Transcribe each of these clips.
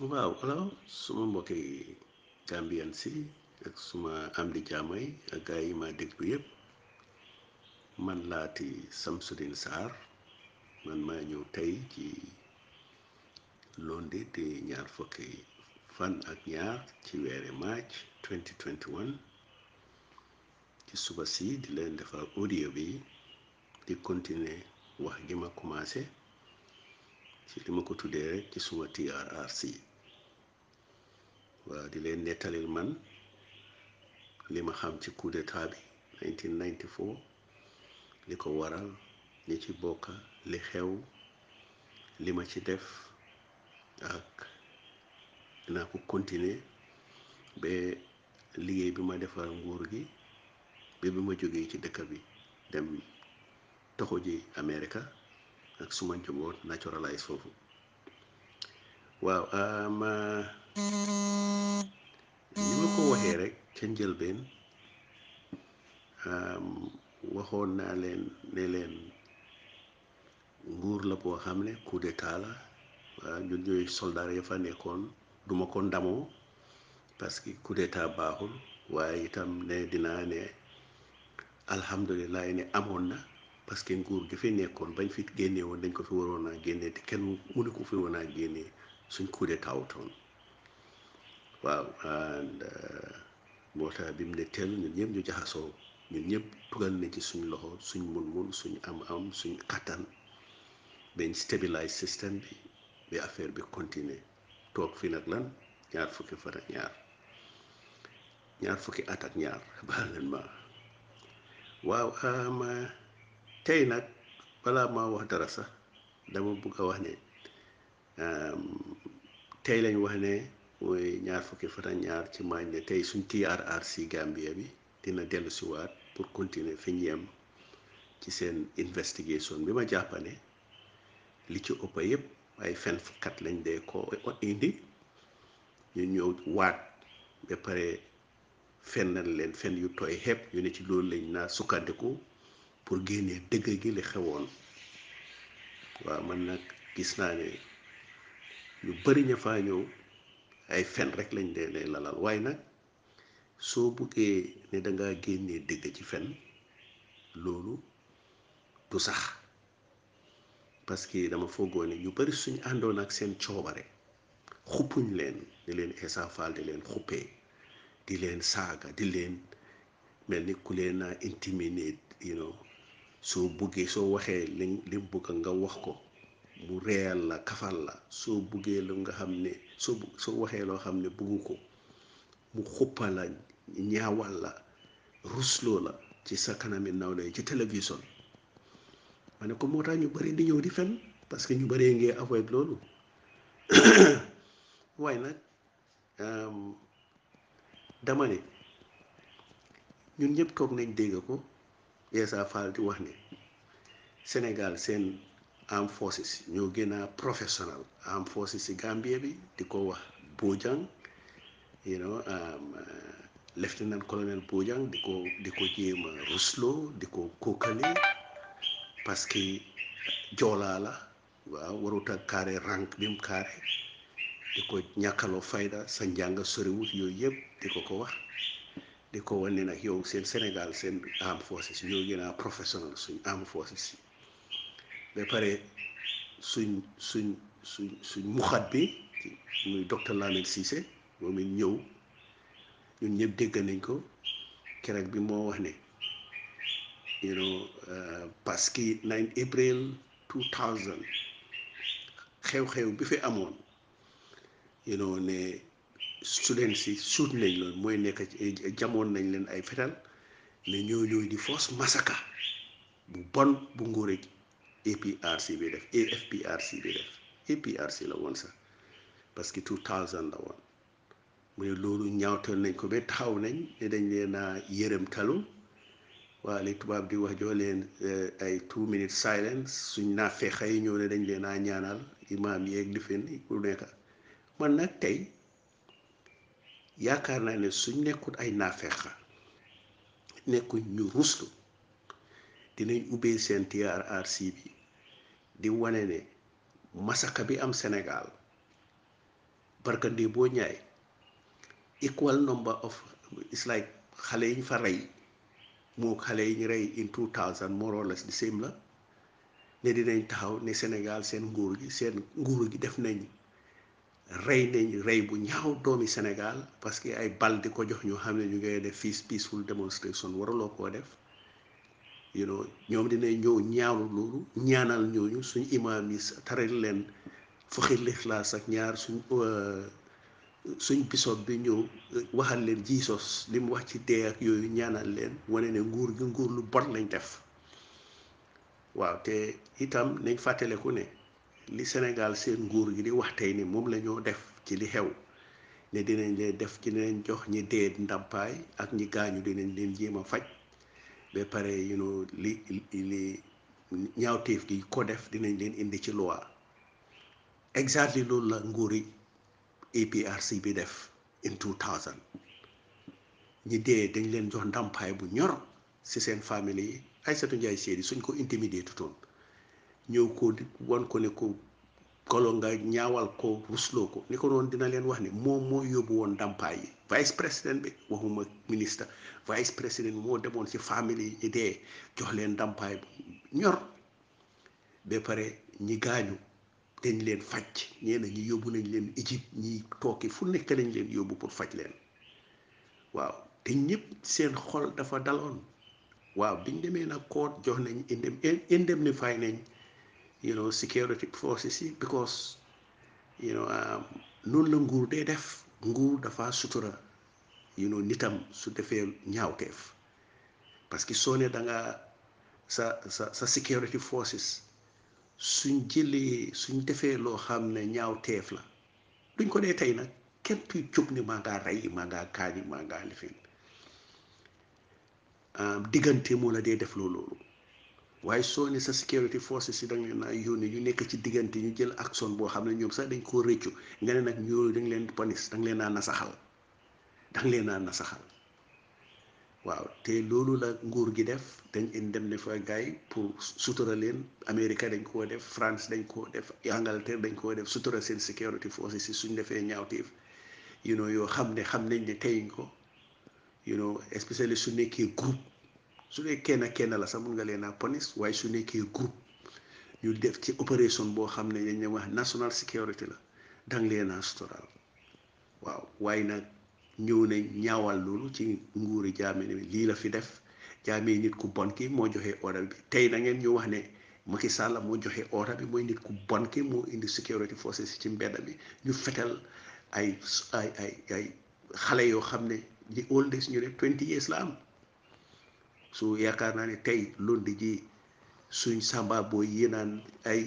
waaw alors suma mbokki Gambien si ak suma am di jaamay ak gaa yi ma déglu yépp man laati Samsudeen Sarr man maa ñëw tey ci Lundi di ñaar fukki fan ak ñaar ci weeri March ci suba si di leen defar audio bi di continuer wax gi ma commencé ci li ma ko tuddee rek ci suma TRRC waaw di leen nettalil man li ma xam ci coup d'état bi 1994 li ko waral ñi ci bokka li xew li ma ci def ak dinaa ko continuer ba liggéey bi ma defal nguur gi ba bi ma jógee ci dëkk bi dem toxu ji Amerika ak suma njaboot naturalize foofu waaw nima ko waxee rek ca njël been waxoon naa leen ne leen nguur la boo xam ne coup d'état la waaw ñun ñooy soldat ya fa nekkoon du ma ko ndamoo parce que coup d'état baaxul waaye itam ne dinaa ne alhamdulilah ne amoon na parce que nguur gi fi nekkoon bañ fi génnee woon dañ ko fi waroon a génne te kenn mu ne ko fi woon a génne suñ coup d'état wutoon waaw uh, moo tax bi mu ne teel ñun ñëpp ñu jaxasoo ñun ñëpp tugal nañ ci suñ loxo suñ mun-mun suñ am-am suñ kattan bañ stabilise système bi ba affaire bi continuer toog fii nag lan ñaar fukki fan ak ñaar ñaar fukki at ak ma um, tey nag balaa wax dara sax dama bugg a wax ne um, tey lañ wax ne. mooy ñaar fukki fan ñaar ci maañ ne tey suñ TRRC Gambia bi dina dellu siwaat pour continuer fi ñu yem ci seen investigation bi ma jàppane li ci ëpp yëpp ay fenkat lañ dee ko indi ñu ñëw waat ba pare fen fennal leen fen yu tooy xepp ñu ne ci loolu lañ naa sukkandiku pour génnee dëgg gi li xewoon waaw man nag gis naa ne ñu bari ña faa ñëw ay fen rek lañ dee lay lalal waaye nag soo buggee ne da ngaa génnee dëgg ci fen loolu du sax parce que dama foogoon ne ñu bari suñ àndoon ak seen coobare xuppuñ leen di leen esafal di leen xuppee di leen saaga di leen mel ni ku leen a intimidate you soo buggee soo waxee li li mu bugg nga wax ko. mu reyal la kafal la soo buggee lu nga xam ne soo soo waxee loo xam ne buggu ko mu xuppa la ñaawal la rusloo la ci sa kanami nawle ci télévision mane ko moo tax ñu bari di ñëw di fen parce que ñu bëree ngee avoid loolu waaye nag euh, dama ne ñun ñëpp toog nañ dégg ko Essa Faal di wax ne Sénégal seen armed forces ñoo gën a professional armed forces si Gambie bi di ko wax Bojang you know um, uh, lieutenant colonel Bojang di ko di ko jéem di ko kookale parce que joolaa la waaw warut a kaare rank bi kaare di ko ñàkkaloo fayda sa njàng soriwut yooyu yëpp di ko ko wax di ko wane nag yow seen Sénégal seen armed forces ñoo gën a professional suñ armed forces. ba pare suñ suñ suñ suñ muxat bi muy docteur Lamine Cissé moom it ñëw ñun ñëpp dégg nañ ko keroog bi moo wax ne you know euh, parce que 9 avril 2000 xew-xew bi fi amoon you know ne students yi suut nañ loon mooy nekk jamoon nañ leen ay fetal ne ñoo ñooy di force masaka bu bon bu nguur gi APRC bi def AFPRC bi def APRC la woon sax parce que 2000 la woon mu ne loolu ñaawtal nañ ko ba taxaw nañ ne dañ leen a yërëm talu waa li tubaab di wax joo leen eh, ay two minute silence suñ naa fexe yi ñëw ne dañ leen a ñaanal imaam yeeg lifin ku nekk man nag tey yaakaar naa ne suñ nekkul ay naafeexa nekkuñ ñu ruslu dinañ ubbee seen TRRC bi di wane ne masaka bi am Sénégal barka di boo ñaay equal number of it's like xale yi ñu fa rey moo xale yi ñu rey in 2000 more or less same la ne dinañ taxaw ne senegaal seen nguur gi seen nguur gi def nañ rey nañ rey bu ñaaw doomi Sénégal parce que ay bal di ko jox ñoo xam ne ñu ngay def fii peaceful demonstration waraloo koo def you know ñoom dinañ ñëw ñaawlu loolu ñaanal ñooñu suñ imaam yi taral leen faxi lixlaas ak ñaar suñ euh, suñ bisob bi ñëw euh, waxal leen jiisos li wax ci dee ak yooyu ñaanal leen wane ne nguur gi nguur lu bot lañ def waaw te itam nañ fàttaleku ne li senegal seen nguur gi di wax tey ni moom lañoo def ci li xew ne dinañ leen def ci dinañ jox ñi dee ndàmpaay ak ñi gaañu dinañ leen jéem faj ba pare you know li li ñaawteef gi ko def dinañ leen indi ci loi exactly loolu la nguur nguuri APRC bi def in 2000 ñi dee dañ leen jox ndàmpaay bu ñor si seen famille yi Aïssatou Ndiaye Seydi suñ ko intimidé tutoon ñëw ko wan ko ne ko golo nga ñaawal ko rusloo ko ni ko noonu dina leen wax ne moom moo yóbbu woon ndàmpaay yi vice président bi waxuma ministre vice président moo demoon ci famille yi dee jox leen ndàmpaay bu ñor ba pare ñi gaañu dañ leen faj ñee na ñi yóbbu nañ leen Égypte ñi tooki fu nekk nañ leen yóbbu pour faj leen waaw te ñëpp seen xol dafa daloon waaw biñ demee na koot jox nañ indem indemnify nañ you know security um, noonu la nguur dee def nguur dafa sutura yu noonu nitam su defee ñaawteef parce que soo ne da nga sa sa sa security forces suñ jëlee suñ defee loo xam ne ñaaw teef la duñ ko dee tey nag kenn kuy jóg ne maa ngaa rey maa ngaa kaañi maa ngaa lifin ah, diggante moo la dee def loolu waaye soo ne sa security forces si danga leen a yónni nekk ci diggante ñu jël ak action boo xam ne ñoom sax dañ koo rëccu nga ne nag ñooñu dañ leen panis danga leen a nasaxal danga leen a nasaxal waaw te loolu la nguur gi def dañ dem indemnifier gaay pour sutura leen Amérique dañ koo def France dañ koo def Angleterre dañ koo def sutura seen security forces si suñ defee ñaawteef you know yoo xam ne xam nañ ne tey teyuñ ko you know especially su nekkee groupe su dee kenn kenn la sax mun nga leen a waaye su nekkee groupe ñu def ci opération boo xam ne dañ ne wax national security la dang leen a waaw waaye nag ñëw nañ ñaawal loolu ci nguur jaame ne lii la fi def jaame nit ku bon ki moo joxe order bi tey na ngeen ñu wax ne Macky Sall moo joxe order bi mooy nit ku bon ki moo indi security forces ci mbedd bi ñu fetal ay ay ay xale yoo xam ne di old days ñu ne 20 years la am. su yaakaar naa ne tey londi ji suñ sàmba yi naan ay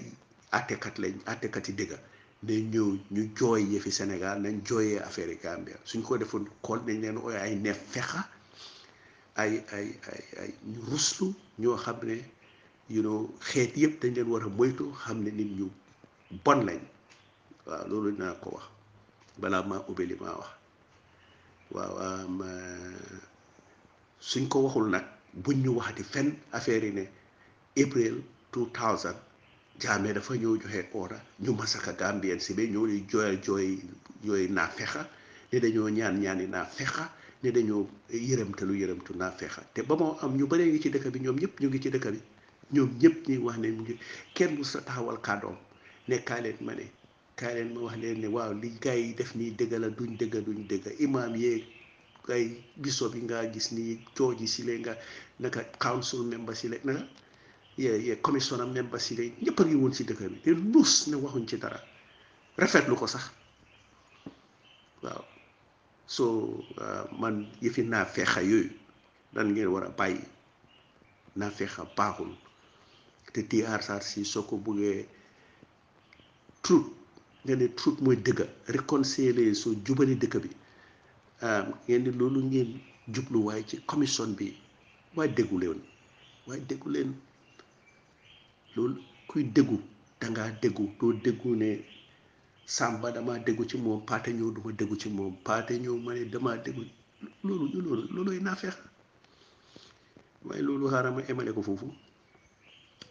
atekat lañ attekat yi dëgga ne ñëw ñu jooy yëfi Sénégal nañ jooyee affaire yi Gambia suñ ko defoon kool nañ leen ooy ay neef fexa ay ay ay ñoo xam ne you xeet yëpp dañ leen war a xam ne nit ñu lañ waaw loolu naa ko wax balaa maa wax waaw euh, suñ ko waxul nag buñ ñu waxati fenn affaire yi ne april 2000 jaame dafa ñëw joxe oora ñu masaka gambien si be ñoo di jooy jooy jooy naa fexa ne dañoo ñaan ñaani naa fexa ne dañoo yërëmtalu yërëmtu naa fexa te ba moo am ñu bëree ngi ci dëkk bi ñoom ñëpp ñu ngi ci dëkk bi ñoom ñëpp ñuy wax ne kenn bu sa taxawal kàddoom ne kaa leen ma ne kaa leen ma wax leen ne waaw li gars yi def nii dëgg la duñ dëgg duñ dëgg imaam yeeg ay bishop bi ngaa gis ni jooji si le nga naka council member si le naka ye ye commissioner member si le ñëpp a ngi woon si dëkk bi te luus ne waxuñ ci dara rafetlu ko sax waaw so ah, man yëfi naa feexa yooyu dan ngeen war a bàyyi naa feexa baaxul te TRRC soo ko buggee truth nga ne truth mooy dëgga réconcilier soo jubali dëkk bi ngeni loolu ngeen jublu waaye ci commission bi waay déggu leen waay déggu leen loolu kuy déggu dangaa déggu doo déggu ne samba dama déggu ci moom paate ñëw duma déggu ci moom paate ñëw ma ne dama déggu loolu ñu loolu looloy naa feex waaye loolu xaaral ma émalé ko foofu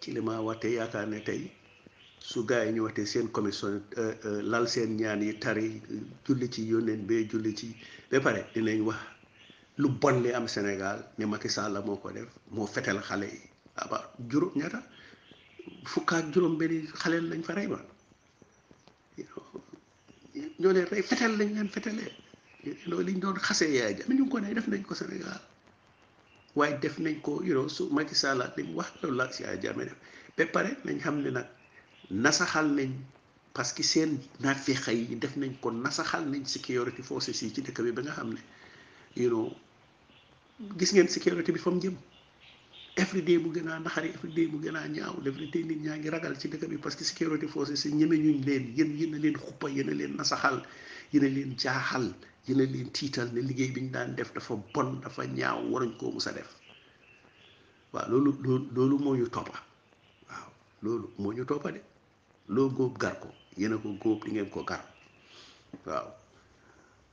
ci li ma wattee yaakaar ne tey su gaa yi ñu waxtee seen commission euh, euh, lal seen ñaan yi tari julli ci yónneen bee julli ci ba pare dinañ wax lu bon li am Sénégal ne Macky Sall la moo ko def moo fetal xale yi aba ah juróom ñaata fukk ak juróom benni xale lañ fa rey ma ñoo leen rey fetal lañ leen fetalee loolu liñ doon xasee yaay ja ñu ko ne def nañ ko Sénégal waaye def nañ ko you know su Macky Sall li wax loolu la si ay ja def ba pare nañ xam ne nag nasaxal nañ parce que seen naat fi xëy yi def nañ ko nasaxal nañ sécurité forces yi ci dëkk bi ba nga xam ne you gis ngeen sécurité bi fa mu jëm everyday mu gën a naxari everyday mu gën a ñaaw everyday nit ñaa ngi ragal ci dëkk bi parce que sécurité forces yi ñeme ñuñ leen yéen yéen a leen xuppa yéen leen nasaxal yéen a leen jaaxal yéen a leen tiital ne liggéey bi ñu daan def dafa bon dafa ñaaw waruñ koo mus a def waaw loolu loolu moo ñu toppa waaw loolu moo ñu loo góob gar ko yéen ko góob di ngeen ko gar waaw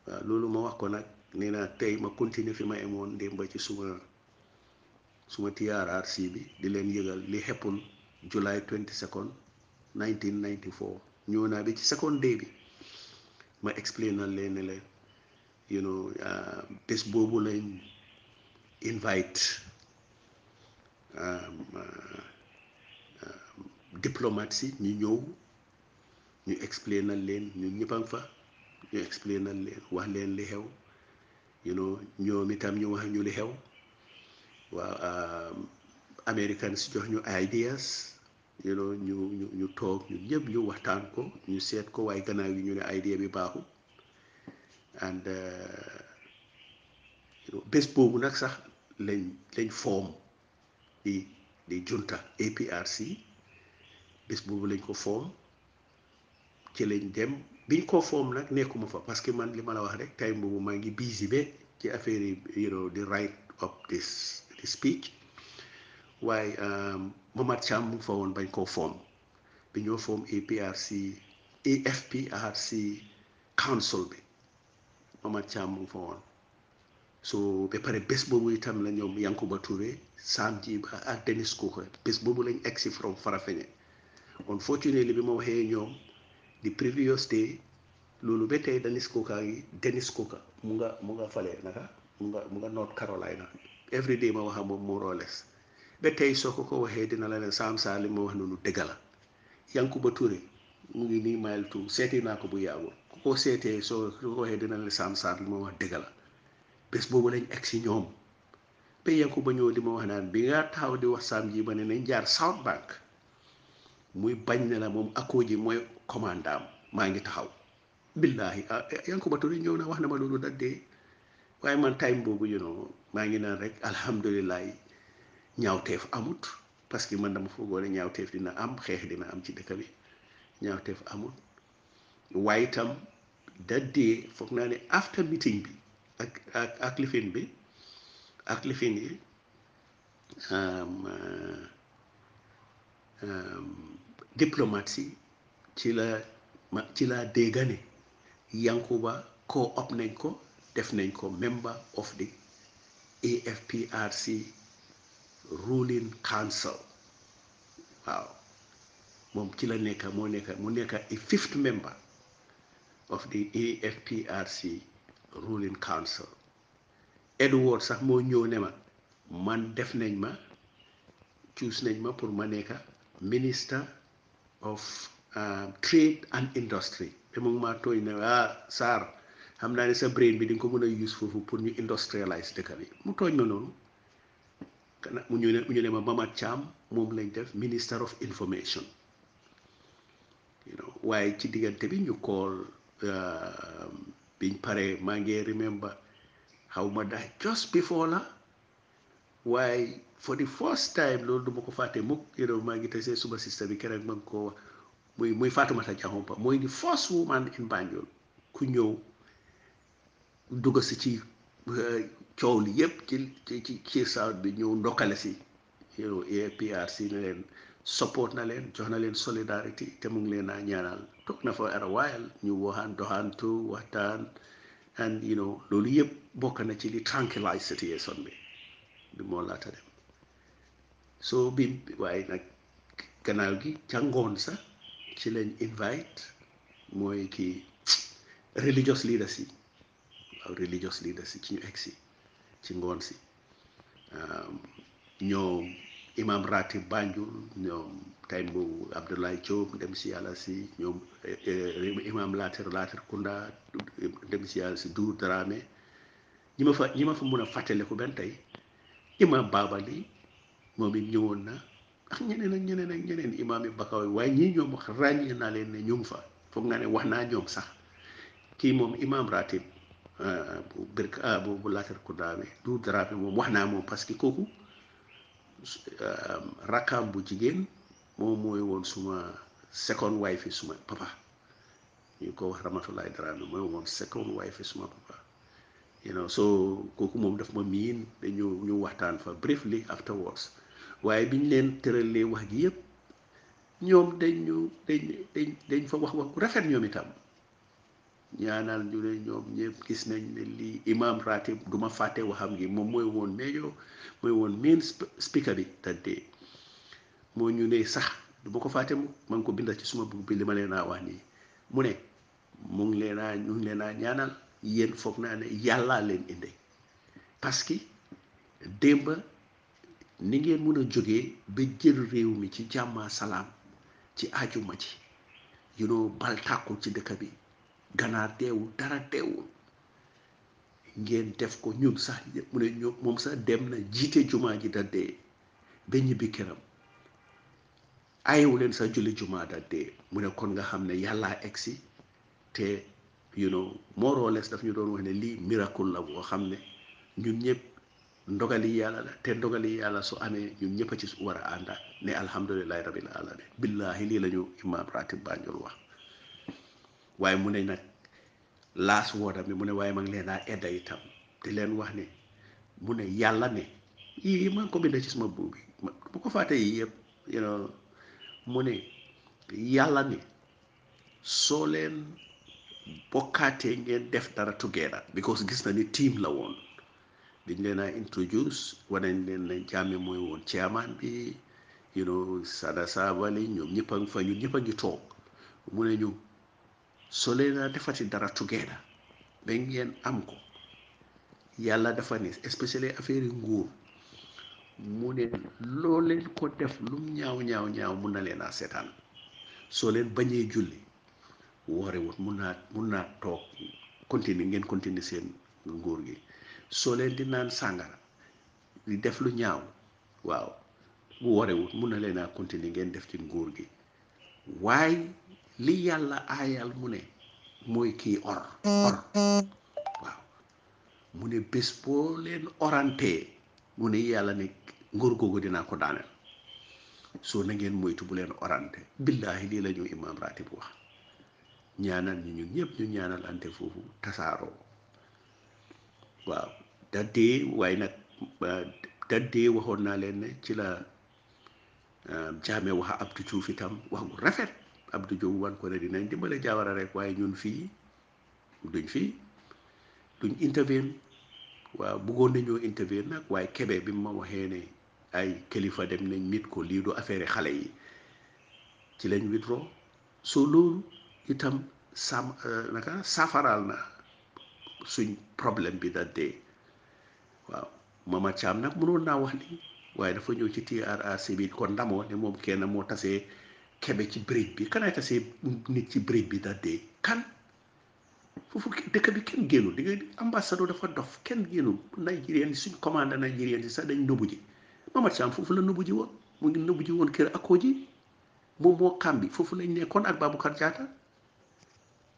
waaw loolu ma wax ko nag nee naa tey ma continuer fi ma emoon ndémba ci suma suma TRRC bi di leen yëgal li xeppul July 22nd 1994 ñëw naa bi ci second day bi ma explainal leen ne leen you know ah, boobu lañ invite ah, diplomate si ñu ñëw ñu explainal leen ñu ñëppan fa ñu explainal leen wax leen li xew you know ñoom itam ñu wax ñu li xew waaw americans jox ñu ideas you know ñu ñu ñu toog ñu ñëpp ñu waxtaan ko ñu seet ko waaye gannaaw yi ñu ne idea bi baaxul and uh, You know, bés boobu nag sax lañ lañ form di di junta APRC bis boobu lañ ko foom ci lañ dem biñ ko foom nag nekkuma fa parce que man li ma la wax rek tay boobu maa ngi busy be ci affaire yi you know di write up this this waaye um, Momar Thiam mu ngi fa woon bañ koo foom bi ñoo foom APRC si council bi Momar Thiam mu ngi fa woon so ba pare bés boobu itam la ñoom Yankuba Touré Sam Djiba ak Denis Coker bés boobu lañ egsi from Farafenni unfortunately bi ma waxee ñoom di previous day loolu ba tey Dennis Coker ngi Dennis Coker mu nga mu nga fale naka mu nga mu nga North Carolina every day ma wax moom more ba tey soo ko ko waxee dina la ne Sam Sallim ma wax noonu dëgg la ba Touré mu ngi nii mile two naa ko bu yàggul ku ko seetee soo ko waxee dina la Sam Sallim ma wax dëgg la bés boobu lañ egg si ñoom ba Yankuba ñëw di ma wax naan bi nga taxaw di wax Sam ji ba ne nañ jaar South Bank. muy bañ ne la moom akoo ji mooy commandam maa ngi taxaw billahi ah eh, Yankuba Touré na wax na ma loolu daddee waaye man time boobu you maa ngi naan rek alhamdulilah ñaawteef amut parce que man dama foogoo ne ñaawteef dina am xeex dina am ci dëkk bi ñaawteef amut waaye itam daddee foog naa ne after meeting bi ak ak lifin bi ak lifin yi. diplomatie ci la ma ci laa dégga ne Yankuba co-op nañ ko def nañ ko member of the AFPRC ruling council waaw moom ci la nekka moo nekka mu nekka a fifth member of the AFPRC ruling council Edward sax moo ñëw ne ma man def nañ ma choose nañ ma pour ma nekka minister of uh, trade and industry te moom maa tooñ ne ah Sarr xam naa ne sa brain bi di ko mën a use foofu pour ñu industrialize dëkk bi mu tooñ ma noonu mu ñu ne mu ñu ne ma Mamat Cham moom lañ def minister of information waaye ci diggante bi ñu kool uh, biñ pare maa ngi remember xaw ma daal just before la waaye. for the first time loolu du ko fàtte mukk yéen maa ngi tase suma sister bi keroog ma ngi ko wax muy muy Fatoumata Diakhoumpa mooy the first woman in Banjul ku ñëw dugg si ci euh, coow li yépp ci ci ci South bi ñëw ndokkale si yow APRC na leen support na leen jox na leen solidarité te mu ngi leen a ñaanal toog na fa ara waayal ñu waxaan doxaantu waxtaan and you loolu yëpp bokk na ci li tranquillize situation bi moo laata dem soo bi waaye nag gannaaw gi ca ngoon sax ci lañ invite mooy kii religious leaders yi waaw religious leaders yi ci ñu egg si ci ngoon si um, ñoom imam ratib Banjul ñoom tay bu Abdoulaye Diop dem si yàlla si ñoom eh, eh, imam Latir Latir Kunda dem si yàlla si Doudou Dramé ñi ma fa ñi ma fa mun a fàttaliku benn tey imam Babali moom it ñëwoon na ak ñeneen ak ñeneen ak ñeneen imaam yi Bakawé waaye ñii ñoom wax ràññee naa leen ne ñu fa foog naa ne wax naa ñoom sax kii moom imaam ratib euh, bu birk euh, bu bu Latir Koudaame du Daraame moom wax naa moom parce que kooku euh, rakkaam bu jigéen moom mooy woon suma second wife fi suma papa ñu ko wax Ramatulaay Daraame mooy woon second wife suma papa. you know so kooku moom daf ma miin dañu ñu waxtaan fa briefly afterwards waaye biñ leen tëralee wax gi yépp ñoom dañ ñu dañ dañ fa wax wax bu rafet ñoom itam ñaanal ñu ne ñoom ñëpp gis nañ ne lii imam ratib du ma fàtte waxam ngi moom mooy woon mejo mooy woon main speaker bi tante moo ñu ne sax du ko fàtte mu ma ngi ko bindal ci suma bug bi li ma leen a wax nii mu ne mu ngi leen a ñaanal yéen foog naa ne yàllaa leen indi parce démba ni ngeen mun a jóge ba jël réew mi ci jàmma salaam ci ajuma ci you know bal tàkkul ci dëkk bi ganaar teewul dara teewul ngeen def ko ñun sax mu ne ñoom moom sax dem na jiite jumaa ji da ba ñibbi këram ayewu leen sax julli jumaa da mu ne kon nga xam ne yàlla egsi te you know more or daf ñu doon wax ne lii miracle la woo xam ne ñun ñëpp ndogali yàlla la te ndogali yàlla su amee ñun ñëpp ci war a ànda ne alhamdulilahi rabil alamin billahi lii la ñu imam ratib Banjul wax waaye mu ne nag laas wooda mi mu ne waaye ma ngi leen a edda itam leen wax ne mu ne yàlla ne yii maa ngi ko bindee ci sama buub bi bu ko fàtte yii yëpp mu ne yàlla ne soo leen bokkaatee ngeen def dara together because gis na ni tiim la woon di dañ leen a introduce wane leen ne Jammeh mooy woon chairman bi you know Sada ñëpp a ngi toog mu ne ñu soo leen a defati dara together ba ngeen am ko yàlla dafa ne especially affaire yi nguur mu ne loo ko def lum ñaaw ñaaw ñaaw mun na leen a seetaan soo leen bañee julli woorewut mun naa mun naa toog continuer ngeen continuer seen nguur gi. soo leen di naan sàngara di def lu ñaaw waaw bu warewut mun na leen a continuer ngeen def ci nguur gi waay li yàlla aayal mu ne mooy kii or or waaw mu ne bés boo leen orantee mu ne yàlla ne nguur googu dinaa ko daaneel soo na ngeen moytu bu leen orante billaahi lii la ñu imaam ratib wax ñaanal ñu ñun ñëpp ñu ñaanal ante foofu tasaaroo waaw daddee waaye nag euh, daddee waxoon naa leen ne ci la euh, jaame waxa Abdou Diouf itam wax gu rafet Abdou Diouf wan ko ne dinañ dimbale Jawara rek waaye ñun fii duñ fii duñ intervene waaw bëggoon nañoo intervene nag waaye Kebe bi ma waxee ne ay kilifa dem nañ mit ko lii du affaire xale yi ci lañ witro soo loolu itam sam euh, naka saafaraal na suñ problème bi da dee waaw Mama Thiam nag mënoon naa wax ni waaye dafa ñëw ci TRRC bi kon ndamoo ne moom kenn moo tasee kebe ci bëréb bi kan tasee nit ci bëréb bi da dee kan foofu dëkk bi kenn génnul di nga dafa dof kenn génnul Nigérian yi suñ commande Nigérian yi sax dañ nëbbu ji Mama Thiam foofu la nëbbu ji woon mu ngi nëbbu ji woon kër akoo ji moom moo xam bi foofu lañ nekkoon ak Baboucarr Jatta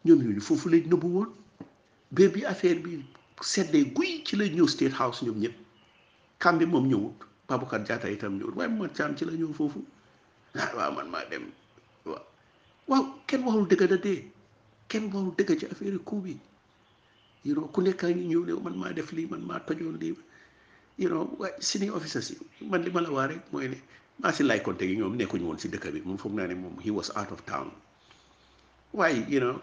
ñoom ñooñu foofu lañ nëbbu woon ba bi affaire bi seddee guy ci la ñëw State House ñoom ñëpp Kambi moom ñëwut Babacar Diatta itam ñëwut waaye Momar Thiam ci la ñëw foofu ah, maa dem waaw waaw kenn waxul ci affaire yi coup bi ku nekk ñu ñëw ne man maa def lii man maa tojoon lii you know waaye man li ma la waa rek mooy ne maa si lay konte gi ñoom nekkuñu woon si dëkk bi moom foog naa ne moom he was out of town waaye you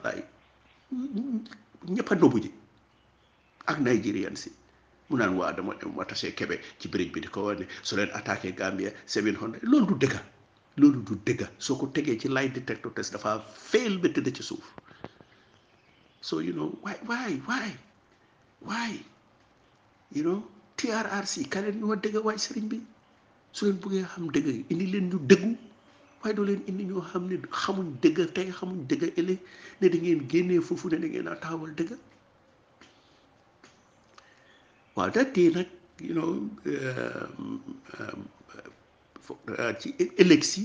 ñëpp a nëbbu ji ak Nigerian si mu naan waa dama dem ma Kebe ci bridge bi di ko wax ne su leen attaqué Gambia 700 loolu du dëgga loolu du dëgga soo ko tegee ci lie detector test dafa fail ba tëdd ci suuf so you know why why why why you TRRC ka leen ñu wax dëgga waay sëriñ bi su leen buggee xam dëgg indi leen ñu dëggu waaye doo leen indi ñoo xam ne xamuñ dëgg tey xamuñ dëgg ëllëg ne da génnee foofu ne da ngeen a taxawal dëgg waaw da tey nag you know ci ëllëg si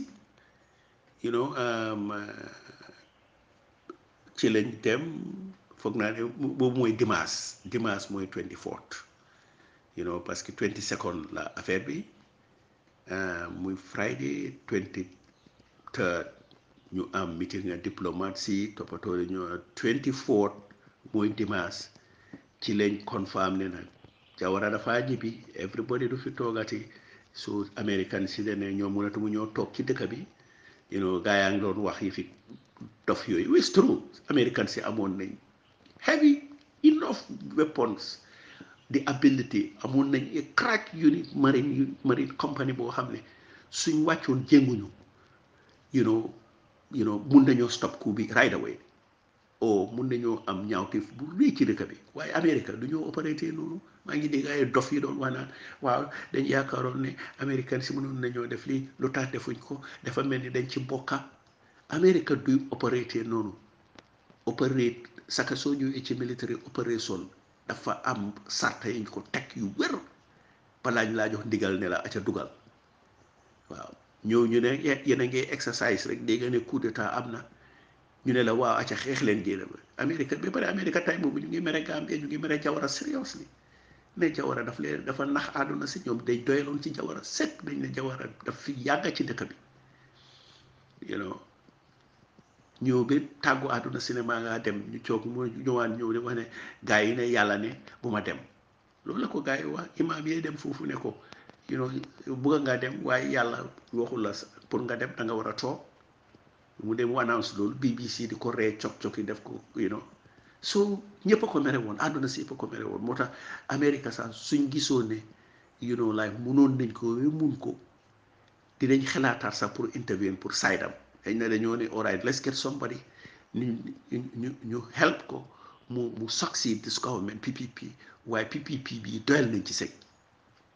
you know ci lañ dem foog naa ne boobu mooy dimanche dimanche mooy twenty fourth you know parce que twenty second la affaire bi euh, muy Friday te ñu am meeting na si toppatoo la ñu 24 mooy dimanche ci lañ confirm ne nag Jawara dafa ñibbi everybody du fi toogati su américain si dene ñoom mënatu mu ñoo toog ci dëkk bi you know gaa yaa ngi doon wax yi fi dof yooyu it's true américain si amoon nañ heavy enough weapons the ability amoon nañ a crack unit marine marine company boo xam ne suñ wàccoon jënguñu you know you know mun nañoo stop coup bi right away o mun nañoo am ñaawteef bu rëy ci dëkk bi waaye Amérique du ñoo opératé noonu maa ngi dégg ay dof yi doon wax naan waaw dañ yaakaaroon ne américain si mënoon nañoo def lii lu tax defuñ ko dafa mel ni dañ ci bokka Amérique du opératé noonu opérate saka soo ñëwee ci military operation dafa am sarta yiñ ko teg yu wér balaa laa jox ndigal ne la aca dugal waaw ñëw ñu ne yéen a ngi exercice rek dégg nga ne coup d'état am na ñu ne la waaw acca xeex leen jéem bi Amérique ba pare Amérique tey boobu ñu ngi mere Gambie ñu ngi mere Jawara seriously mais Jawara daf leen dafa nax àdduna si ñoom day doyaloon ci Jawara set dañ ne Jawara daf fi yàgg ci dëkk bi you know ñëw ba tàggu àdduna cinéma ngaa dem ñu coog mu ñëwaan ñëw ne wax ne gaa yi ne yàlla ne bu ma dem loolu la ko gaa yi wax imaam yi dem foofu ne ko you know bëgg nga dem waaye yàlla waxul la pour nga dem da nga war a toog mu dem mu annonce loolu BBC di ko ree cok cok def ko you know so ñëpp ko mere woon àdduna si yëpp ko woon moo tax Amérique sax suñ gisoo ne you know like munoon nañ ko mun ko dinañ xalaataat sax pour intervenir pour saydam dañ ne dañoo ne all right ko mu mu succeed this government PPP waaye PPP bi doyal nañ ci sëg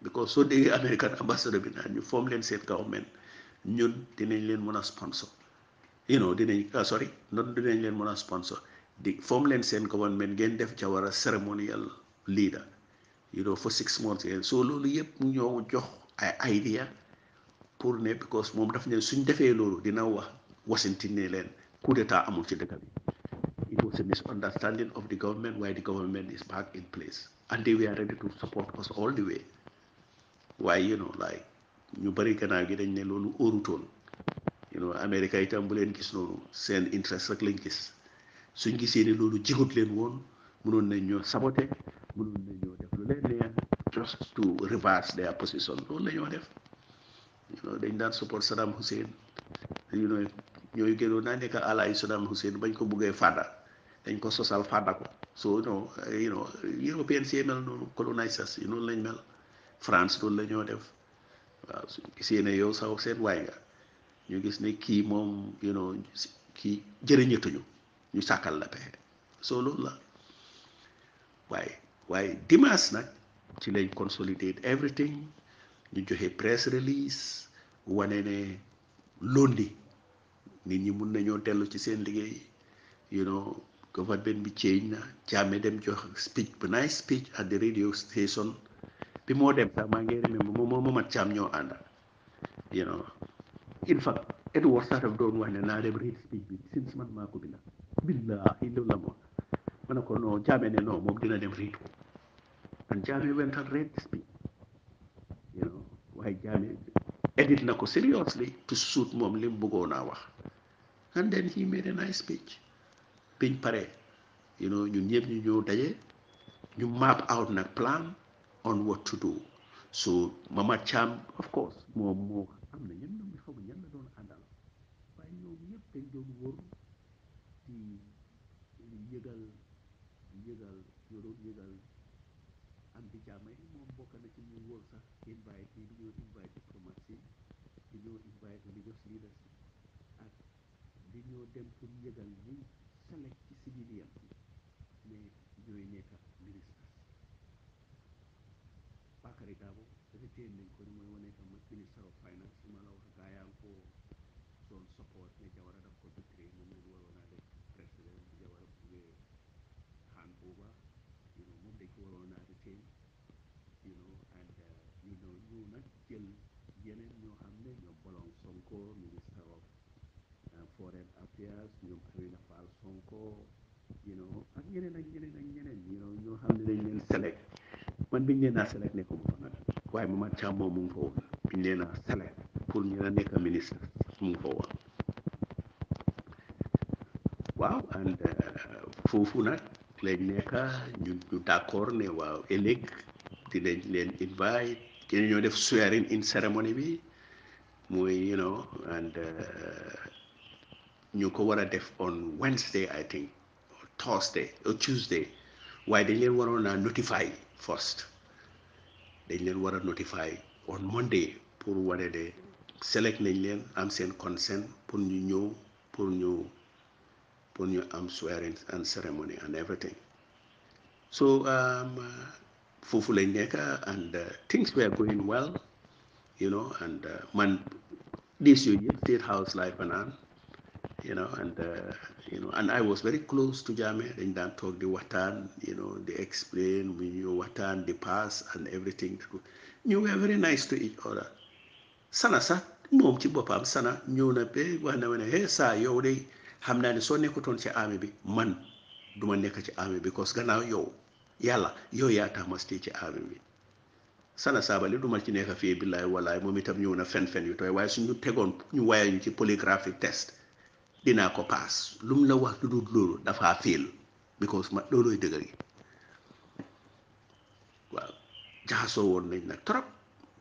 because soo déggee American ambassador bi naan ñu foom leen seen kaw men ñun dinañ leen mën a sponsor you know dinañ ah, sorry non dinañ leen mën a sponsor di foom leen seen government ngeen def ca war Jawara ceremonial leader you know for six months ngeen soo loolu yëpp ñoo jox ay idea pour ne because moom daf ne suñ defee loolu dina wax Washington ne leen de d'état amul ci dëkk bi it was a misunderstanding of the government why the government is back in place and waaye you know like ñu bëri gannaaw gi dañ ne loolu óorutoon you know Amérique itam bu leen gis noonu seen interest rek lañ gis suñ gisee ne loolu jigut leen woon mënoon nañ ñoo sabote mënoon nañ ñoo def lu leen neex just to reverse their position loolu la def you dañ daan support Saddam Hussein you know ñooy gënoon naa nekk alaay Saddam Hussein bañ ko buggee fàdda dañ ko sosal fàdda ko so you know you know European see noonu colonizers yi noonu lañ mel France loolu la def waaw gisee ne yow saw seen waay nga ñu gis ne kii moom you know kii jëriñatuñu ñu sàkkal la pexe soo loolu la waaye waaye dimanche nag ci lañ consolidate everything ñu joxe press release wane ne lundi nit ñi mun nañoo dellu ci seen liggéey you know government bi change na jàmme dem jox speech bu nice speech at the radio station bi moo dem sax maa ngi remember moom moo Momad Cham ñoo ànd you know in fact Edward sax daf doon wax naa dem read speech bi since man maa ko binda billahi loolu la moom ma ne ko non jaame ne non moom dina dem read ko jaame went read speech you know waaye jaame edit na ko seriously to suit moom li mu bëggoon a wax and then he made a nice speech biñ pare you know ñun ñëpp ñu ñëw daje ñu map out nag plan on what to do so Mama Cham of course moom moo am na ñenn ñoom ñu xaw la doon àndal waaye ñoom ñëpp dañ doon wër di yëgal yëgal ñoo doon yëgal am di jàmm moom bokk na ci ñu wër sax invite yi di ñoo invite diplomate yi di ñoo invite religious leaders ak di ñoo dem pour yëgal ñuy select ci civilian yi ñooy nekk obtain ko ni mooy wane ka ma minister of finance ma la wax gaa yaa ngi ko doon support ne Jawara daf ko décret moom lañ waroon a def président bu Jawara buggee hand over you know moom dañ ko waroon a retain nag jël yeneen ñoo xam ne ñoom Bolong Sonko minister of uh, foreign affairs ñoom Amina Fall Sonko you know ak ñeneen ak ñeneen ak ñeneen you know ñoo xam ne dañ leen select man biñ leen a select ne ko waaye Momar Thiam moom mu fa woon biñ leen a sale pour ñu la nekk ministre mu ngi fa woon waaw and uh, foofu nag lañ nekk ñu ñu ne waaw ëllëg dinañ leen invite dinañ ñoo def swearing in ceremony bi muy you uh, ko war a def on Wednesday I think Thursday Tuesday waaye dañ leen waroon notify first. dañ leen war a notify on Monday pour wane ne select nañ leen am seen consent pour ñu ñëw pour ñu pour ñu am swearing and ceremony and everything so um, foofu lañ nekk and uh, things were going well you know and uh, man this year state house life and you know and uh, you know and I was very close to Jammeh dañ daan toog di waxtaan you know di explain mu ñu waxtaan di pass and everything ñu were very nice to each other sana sax moom ci boppam sana ñëw na ba wax na wane ne saa yow de xam naa ne soo nekkutoon ci army bi man duma nekk ci army bi because gannaaw yow yàlla yow yaa tax ma ci army bi sana saabali du ma ci nekk fii billaay walaay moom itam ñëw na fen-fen yu tooy waaye suñu tegoon ñu waaye ñu ci polygraphic test dinaa ko paas lum la wax lu dul loolu dafaa féel because ma loolooy dëgër yi waaw jaxasoo woon nañ nag trop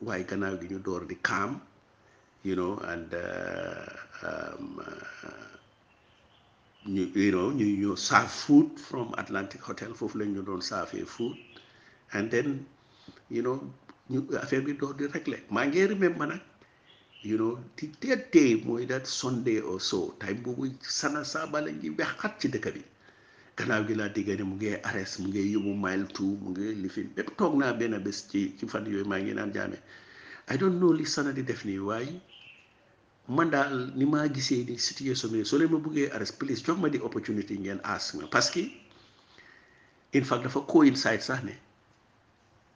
waaye gannaaw gi ñu door di kaam you know uh, um, uh, ñu you know ñu ñu serve from Atlantic Hotel foofu lañ ñu doon serve food and then you know ñu bi door di réglé maa ngi remember nag you know ti tey mooy that Sunday or so time boobu sana saaba la ngi wexxat ci dëkk bi gannaaw gi laa digga ne mu ngi arrest mu ngi yóbbu mile two mu ngi lifin bépp toog naa benn bés ci ci fan yooyu maa ngi naan jaame I don't know li sana di def nii waaye man daal ni ma gisee ni situation bi soo leen ma buggee arrest please jox ma di opportunity ngeen ask ma parce que in fact dafa coïncide sax ne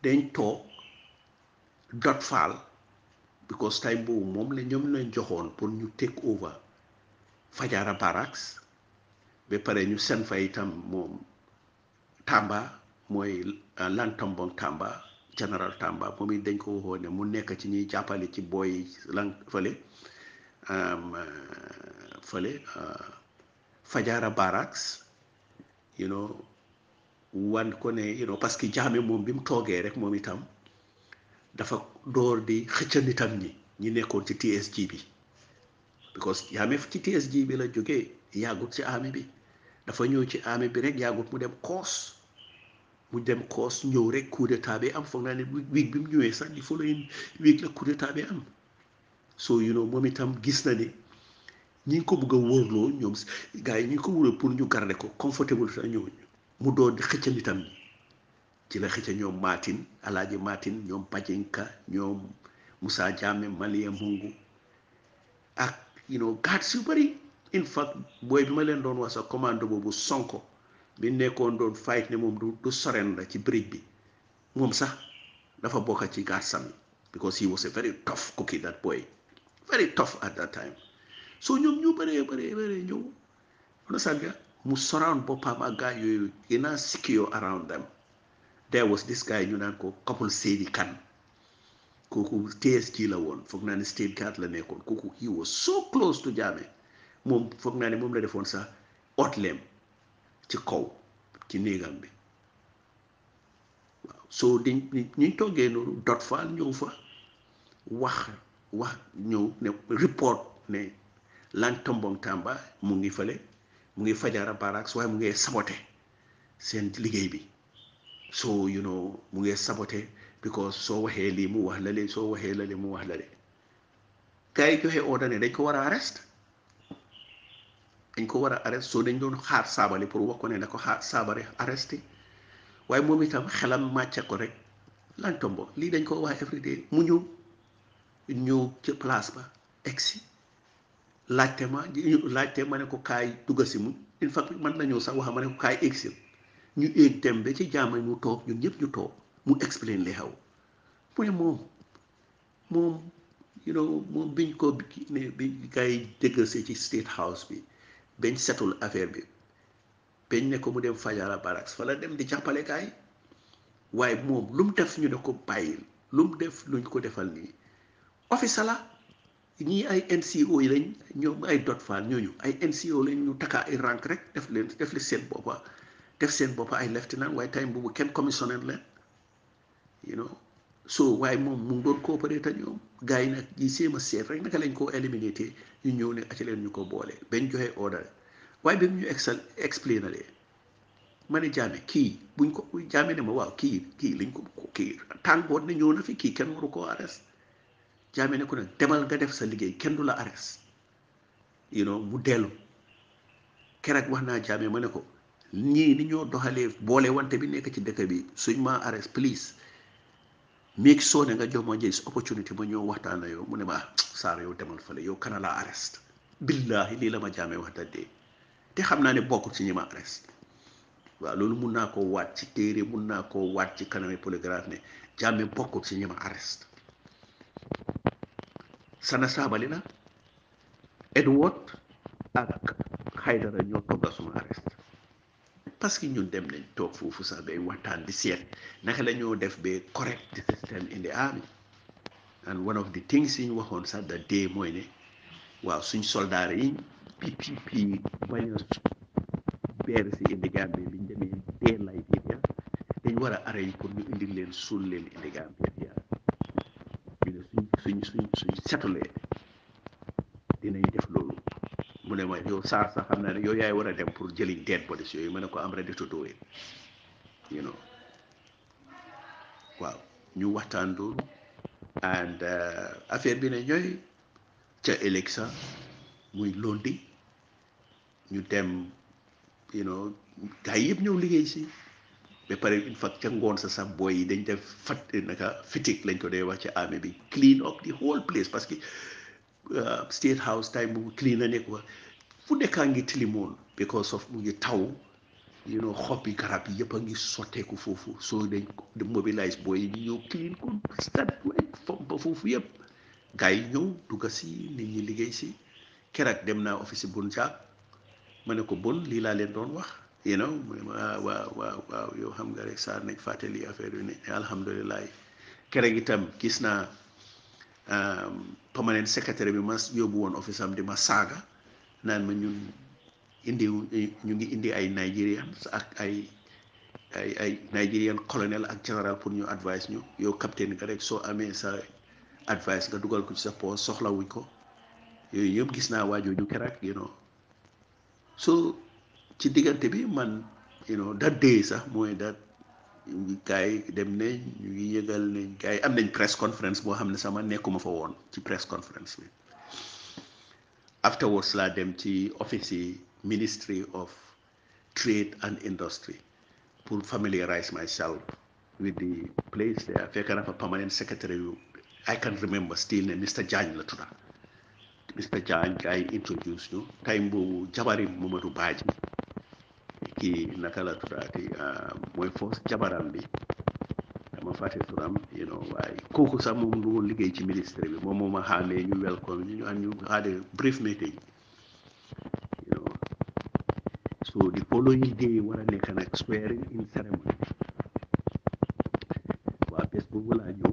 dañ toog dot faal because time boobu moom la ñoom lañ joxoon pour ñu take over Fajara Barracks ba pare ñu seen fa itam moom Tamba mooy euh, Lantombong Tamba général Tamba moom it dañ ko waxoon ne mu nekk ci ñuy jàppale ci booy lan fële euh, fële euh, Fajara Barracks you wan ko ne you know parce que jaame moom bi mu toogee rek moom itam. dafa door di xëcca nitam ñi ñu nekkoon ci TSG bi because Jammeh ci TSG bi la jógee yàggut ci army bi dafa ñëw ci army bi rek yàggut mu dem koos mu dem koos ñëw rek coup d'état bi am foog naa ne week ñëwee sax di following week la coup d'état so you know moom itam gis na ni ñu ngi ko bëgg a wóorloo ñoom gars yi ñu ngi ko wóorloo pour ñu garale ko comfortable sax ñëw mu door di xëcca nitam ñi ci la ñoom Matin alaaji Matin ñoom Pajenka ñoom musaa Diame Malia Mungu ak you know yu bëri in fact booy bi ma leen doon wax sa commande boobu Sonko bi nekkoon doon fight ne moom du du la ci bridge bi moom sax dafa bokk ci garsam yi because he was a very tough cookie that boy very tough at that time so ñoom ñu bëree bëree bëree ñëw mu soraan boppam ak gars yooyu gën a secure around them there was this ñu naan ko couple Seydi Kane kooku TSG la woon foog naa ne state guard la nekkoon kooku he was so close to Jammeh moom foog naa ne moom la defoon sa otleem ci kaw ci néegam bi waaw di ñu toggee noonu dot faal ñëw fa wax wax ñëw ne report ne Lantombong Tamba mu ngi fale mu ngi fajara soo waaye mu ngi sabote seen liggéey bi so you know mu ngee sabote, because soo waxee lii mu wax la lee soo waxee la lee mu wax la lee gars yi joxe order ne dañ ko war a arrest dañ ko war a arrest soo dañ doon xaar saabali pour wax ko ne na ko xaar saabali arresté waaye moom itam xelam màcce ko rek lan tombo lii dañ ko wax everyday mu ñëw ñëw ci place ba egsi laajte ma laajte ma ne ko kaay dugga si mu in fact man la ñëw sax wax ma ne ko kaay egsil ñu éeg dem ba ci jaama mu toog ñun ñëpp ñu toog mu explain li xew mu ne moom moom you moom biñ ko ne biñ gars yi déggasee ci state house bi bañ setul affaire bi bañ ne ko mu dem Fajara Barracks fa la dem di jàppale waaye moom lu mu def ñu ne ko bàyyil lu mu def luñ ko defal nii office la ñii ay NCO yi lañ ñoom ay dot fan ñooñu ay NCO lañ ñu takka ay rank rek def leen def li seen boppa def seen bopp ay lieutenant waaye time boobu kenn commissionnaire leen you know so waaye moom mu ngi doon coopéré ñoom yi nag yi séem a seet lañ koo éliminité ñu ñëw ne leen ñu ko boole bañ joxe order waaye ba mu ñu excel explainale ma ne jaame kii buñ ko jaame ne ma waaw kii kii liñ ko kii tàngoor ne ñëw na fi kii kenn waru koo arrest jaame ne ko nag demal nga def sa liggéey kenn du la arrest you know mu dellu keroog wax naa jaame ma ne ko ñii ni ñoo doxalee boole wante bi nekk ci dëkk bi suñ ma arrest please make sure ne nga jox ma jëlis opportunity ma ñëw waxtaan yow mu ne ma saar yow demal fële yow kana laa arrest billahi lii la ma jaamee wax dëddee te xam naa ne bokkul ci ñi ma arrest waaw loolu mun naa koo waat ci téere mun naa koo waat ci kaname polygraphe ne jaame bokkul si ñi ma arrest Sana Sabally la Edward ak Haidara ñoo togga suma arrest parce que ñun dem nañ toog foofu sax bay waxtaan di seet naka la ñoo def ba correct system in the army and one of the things yi ñu waxoon sax da dee mooy ne waaw suñ soldaar yi PPP bañ a beer si indi Gambie bi ñu demee dee Liberia dañ war a arrêté pour ñu indil leen suul leen indi Gambie bi ñu ne suñ suñ suñ suñ setulee def loolu. mu ne ma yow saa sa xam na ne yow yaay war a dem pour jëliñ dead bodies yooyu ma ne ko am ready to do it you ñu waxtaan loolu and uh, affaire bi ne ñooy ca ëllëg sa muy lundi ñu dem you know gars yëpp ñëw liggéey si ba pare in fact ca ngoon sa sax booy yi dañ def fat naka fitik lañ ko dee wax ci armée bi clean up the whole place parce Uh, state house time bu clean a nekk wa fu nekkaa ngi tilimoon because of mu ngi taw you know xob garab yi yëpp a ngi sotteeku foofu soo dañ de mobilise booy yi ñëw clean ko start fom ba foofu yëpp gars yi ñëw dugga si nit ñi liggéey si keroog dem naa office bun jaag ma ne ko bon lii laa leen doon wax you know ah, waaw waaw waaw yow xam nga rek saa nañ fàttali affaire yu ne alhamdulilah keroog itam gis naa Um, permanent secrétaire bi ma yóbbu woon office am di ma saaga naan ma ñun indi ñu ngi indi ay Nigerian ak ay ay ay Nigerian colonel ak général pour ñu advice ñu yow capitaine nga rek soo amee sa advice nga dugal ko ci sa poche soxlawuñ ko yooyu yëpp gis naa waajooju keroog you know so ci diggante bi man you that day sax mooy that gars yi dem ne ñu ngi yëgal ne gars am nañ press conference boo xam ne sama nekkuma fa woon ci press conference bi afterwards laa dem ci office yi ministry of trade and industry pour familiarize myself with the place there fekk na fa permanent secretary yu I can remember still ne Mr Jagne la tudda Mr Jagne gars introduce ñu time boobu jabari Momodou Badji kii naka la turaati euh, mooy foos jabaram bi dama fàtte turam you know waaye sax moom du woon liggéey ci ministre bi moom moom a xaamee ñu welcome ñu am ñu xaade brief meeting you know so di following day war a nag swearing in ceremony waa bés boobu laa ñëw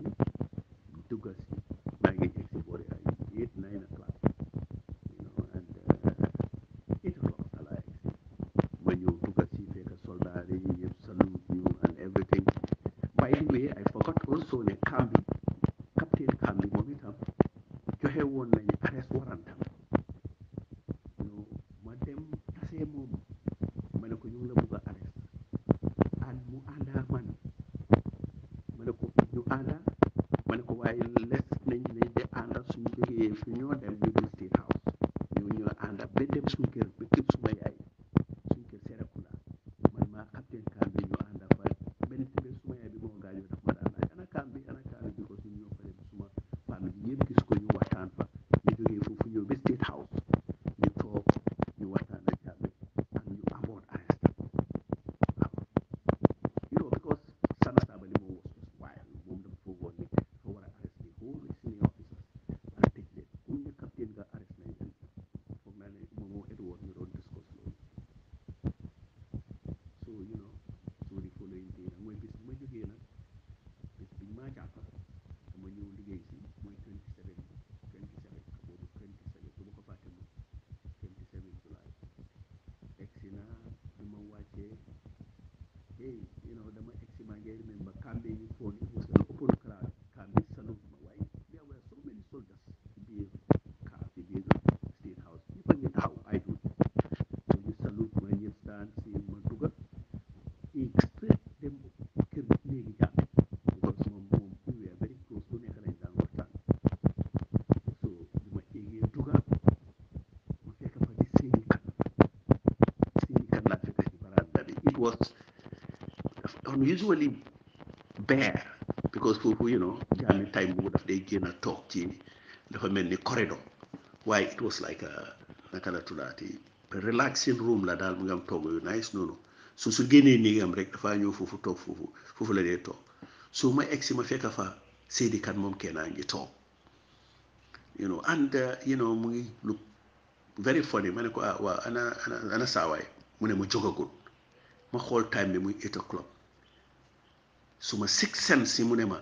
am usually bare because foofu you know jaami time boobu daf day génn a toog ci dafa mel ni corridor waaye it was like naka la tuddaati relaxing room la daal mu am toog yu nice noonu so su génnee nii rek dafaa ñëw foofu toog foofu foofu la dee toog so ma egg si ma fekk fa Seydi Kane moom kenn a ngi toog you know and uh, you know mu ngi lu very funny ne ko ah ana saawaay mu ne ma jógagul ma xool time bi muy eight o'clock su ma six sense mu ne ma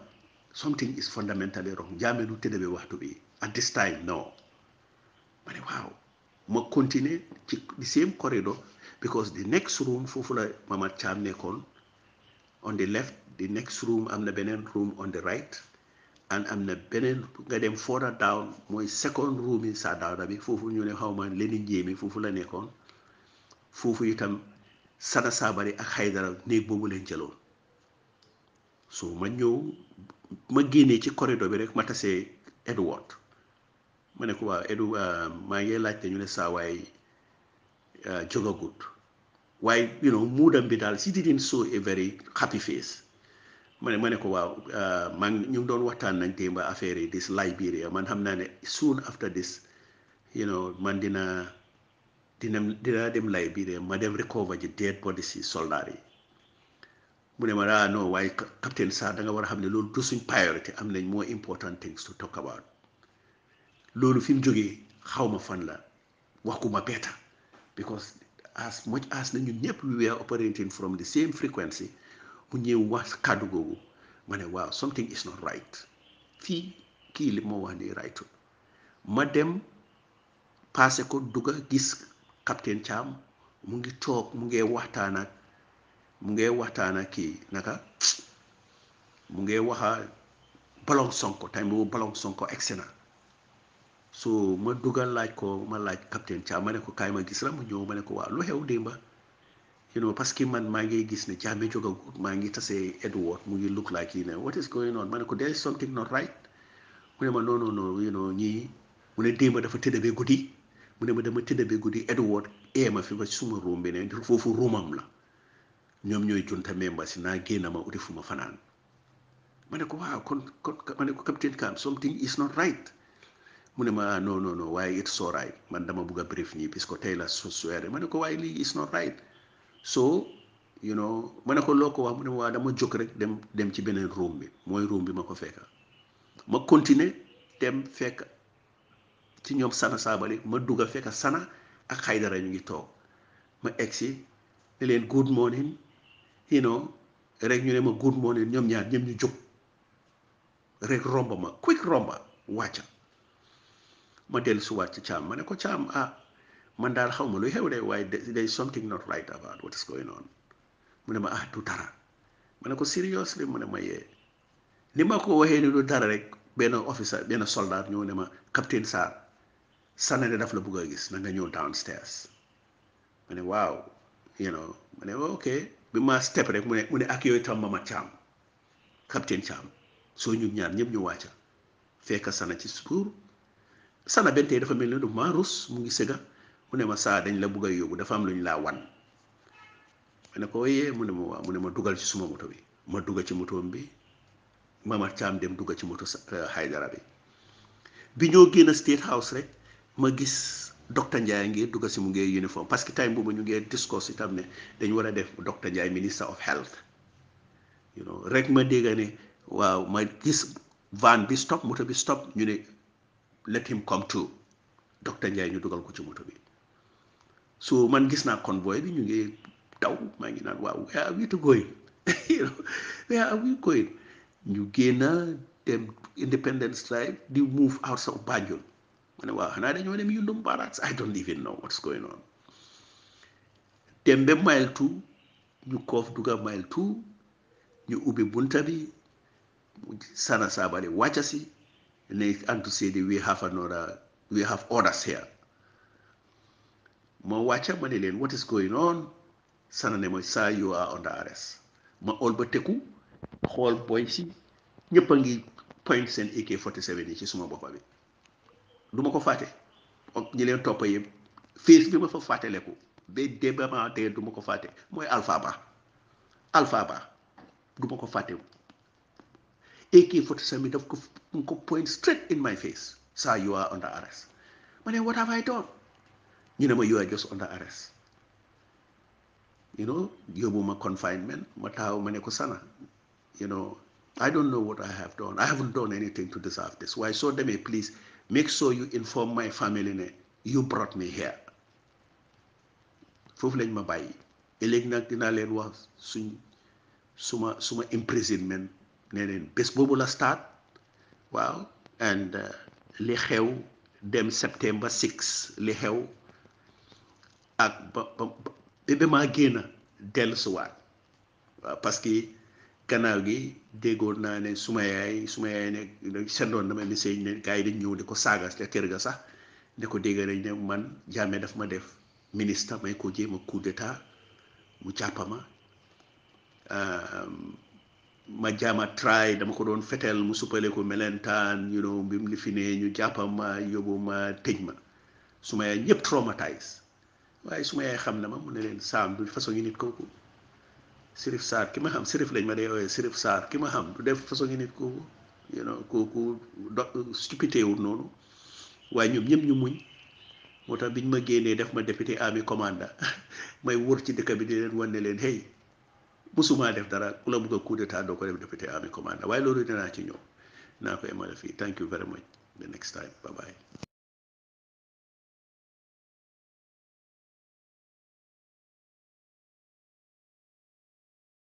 something is fundamentally wrong jaame du tëdda be waxtu bi at this time no ma ne waaw ma continuer ci the same corridor because the next room foofu la mama caam nekkoon on the left the next room am na beneen room on the right and am na beneen nga dem further down mooy second room yi saa daawda bi foofu ñu ne xaw ma leni njéemi foofu la nekkoon foofu itam sana saabari ak xaydara néeg boobu leen jëloon so ma ñëw ma génnee ci corridor bi rek ma tasee Edward ma ne ko waaw Edu ah, maa ngi laajte ñu ne saa waay ah, jógagut waaye you know muudam bi daal si didn't show a very happy face ma ne ma ne ko waaw ah, maa ngi ñu ngi doon waxtaan nañ démb affaire yi this Liberia man xam naa ne soon after this you know man dina dina dina dem Liberia ma dem recover ji dead bodies si soldat yi mu ne ma ah waaye capitaine Sarr danga war a xam ne loolu du suñ priorité am nañ more important things to talk about loolu fi mu jógee xaw ma fan la wax ku ma beeta because as much as na ñun ñëpp we are operating from the same frequency mu ñëw wax kàddu googu ma ne waaw something is not right fii kii li moo wax nii rightul ma dem passé ko a gis capitaine Cham mu ngi toog mu ngi waxtaan ak mu ngee waxtaan ak kii naka mu ngee waxa sonk sonko time boobu bolong sonko egsi na so ma dugal laaj ko ma laaj capitaine Thiam ma ne ko kaay ma gis la mu ñëw ma ne ko waa lu xew démba parce que man maa ngi gis ne Jammeh jógagut maa ngi tase Edward mu ngi look like yi ne ma ne ko there is something not right mu ne ma non non non you ñii mu ne démba dafa tëdda bee guddi mu ne ma dama tëdda bee guddi Edward ee eh, ma fi ba suma ruum bi ne foofu ruumam la ñoom ñooy junta members naa génn ma uti fu ma fanaan ma ne ko waaw kon kon ma ne ko capitaine Kane something is not right mu ne ma non ah, non waaye it's all right man dama bugg a brief ñii puisque tey la su suweere ma ne ko waaye lii is not right so you know ma ne ko loo ko wax mu ne ma waa dama jóg rek dem dem ci beneen room bi mooy room bi ma ko fekka ma continuer dem fekk ci ñoom sana saabali ma dugg a fekk sana ak xaydara ñu ngi toog ma egg si leen good morning you know rek ñu ne ma good morning ñoom ñaar ñoom ñu jóg rek romb ma quick romba wàcca ma dellu suwaat ci caam ma ne ko caam ah man daal xaw ma luy xew de waaye there is something not right about what is going on mu ne ma ah du dara ma ne ko seriously mu ne ma yee ni ma ko waxee ni lu dara rek benn officer benn soldat ñëw ne ma capitaine sa sànni ne daf la bëgg gis na nga ñëw downstairs ma ne waaw you know ma ne oh, ok bi ma step rek mu ne mu ne ak yooyu tam mama Thiam capitaine Thiam soo ñu ñaar ñëpp ñu wàcca fekk sana ci suur sana benn tey dafa mel ni du ma rus mu ngi sëga mu ne ma saa dañ la bugg a yóbbu dafa am lu ñu laa wan ma ne ko ooyee mu ne ma waa ma dugal ci suma moto bi ma dugg ci motoom bi ma mama caam dem dugg ci moto Haydara bi bi ñoo génn State House rek ma gis. docteur Ndiaye ngee dugg si mu ngee uniforme parce que time boobu ñu ngee discourse itam ne dañu war a def docteur Ndiaye minister of health you know rek ma dégg ne waaw ma gis van bi stop moto bi stop ñu ne let him come to docteur Ndiaye ñu dugal ko ci moto bi so man gis naa convoy bi ñu ngee daw maa ngi naan waaw where are we to going you ñu génna dem Independence Drive di move outside Banjul ma ne waaw xanaa dañoo dem yundum barracks I don't even know what's going on dem mile two ñu koof duga mile two ñu ubbi bunta bi sana saabali wàcca si to say that we have another we have orders here ma wàcca ma ne what is going on sana ne ma saa you are under arrest ma ol ba teku xool boy si ñëpp point seen AK 47 yi ci suma boppa bi du ma ko fàtte ñi leen toppa yëpp fiis bi ma fa fàtteleku ba débama tey du ma ko faté mooy alpha ba alpha ba du ma ko fàtte AK-47 bi daf ko ko point straight in my face saa you are under arrest ma what have I done ñu ne ma you are just under arrest you know yóbbu ma confinement ma taxaw ma ne ko sana you know I don't know what I have done I haven't done anything to deserve this waaye soo demee please make sure you inform my family ne you brought me here foofu lañ ma bàyyi léegi nag dinaa leen wax suñ suma suma imprisonment ne leen bés boobu la start waaw and uh, li xew dem september 6 li xew ak ba ba ba maa génn dellusiwaat waaw parce que canal gi déggoon naa ne suma yaay suma yaay ne sendoon dama message ne gars yi dañ ñëw di ko saaga ca kër ga sax ne ko dégg nañ ne man jàmme dafa ma def ministre may ko jéem a coup d'état mu jàppama ma jaama try dama ko doon feteel mu suppale ko melentaan you know bi mu ñu jàppama yóbbu ma tëj ma suma yaay ñëpp traumatise waaye suma yaay xam na ma mu ne leen saam du façon yi nit kooku Sirif Sarr ki ma xam Sirif lañ ma day woowee Sirif Sarr ki ma xam du def façon nit kooku you know kooku do stupité wul noonu waaye ñoom ñëpp ñu muñ moo tax biñ ma génnee def ma député ami commanda may wër ci dëkk bi di leen wan ne leen hey musumaa def dara ku la bëgg a coup d'état doo ko def député ami commanda waaye loolu dinaa ci ñëw naa ko emale fii thank you very much the next time bye bye.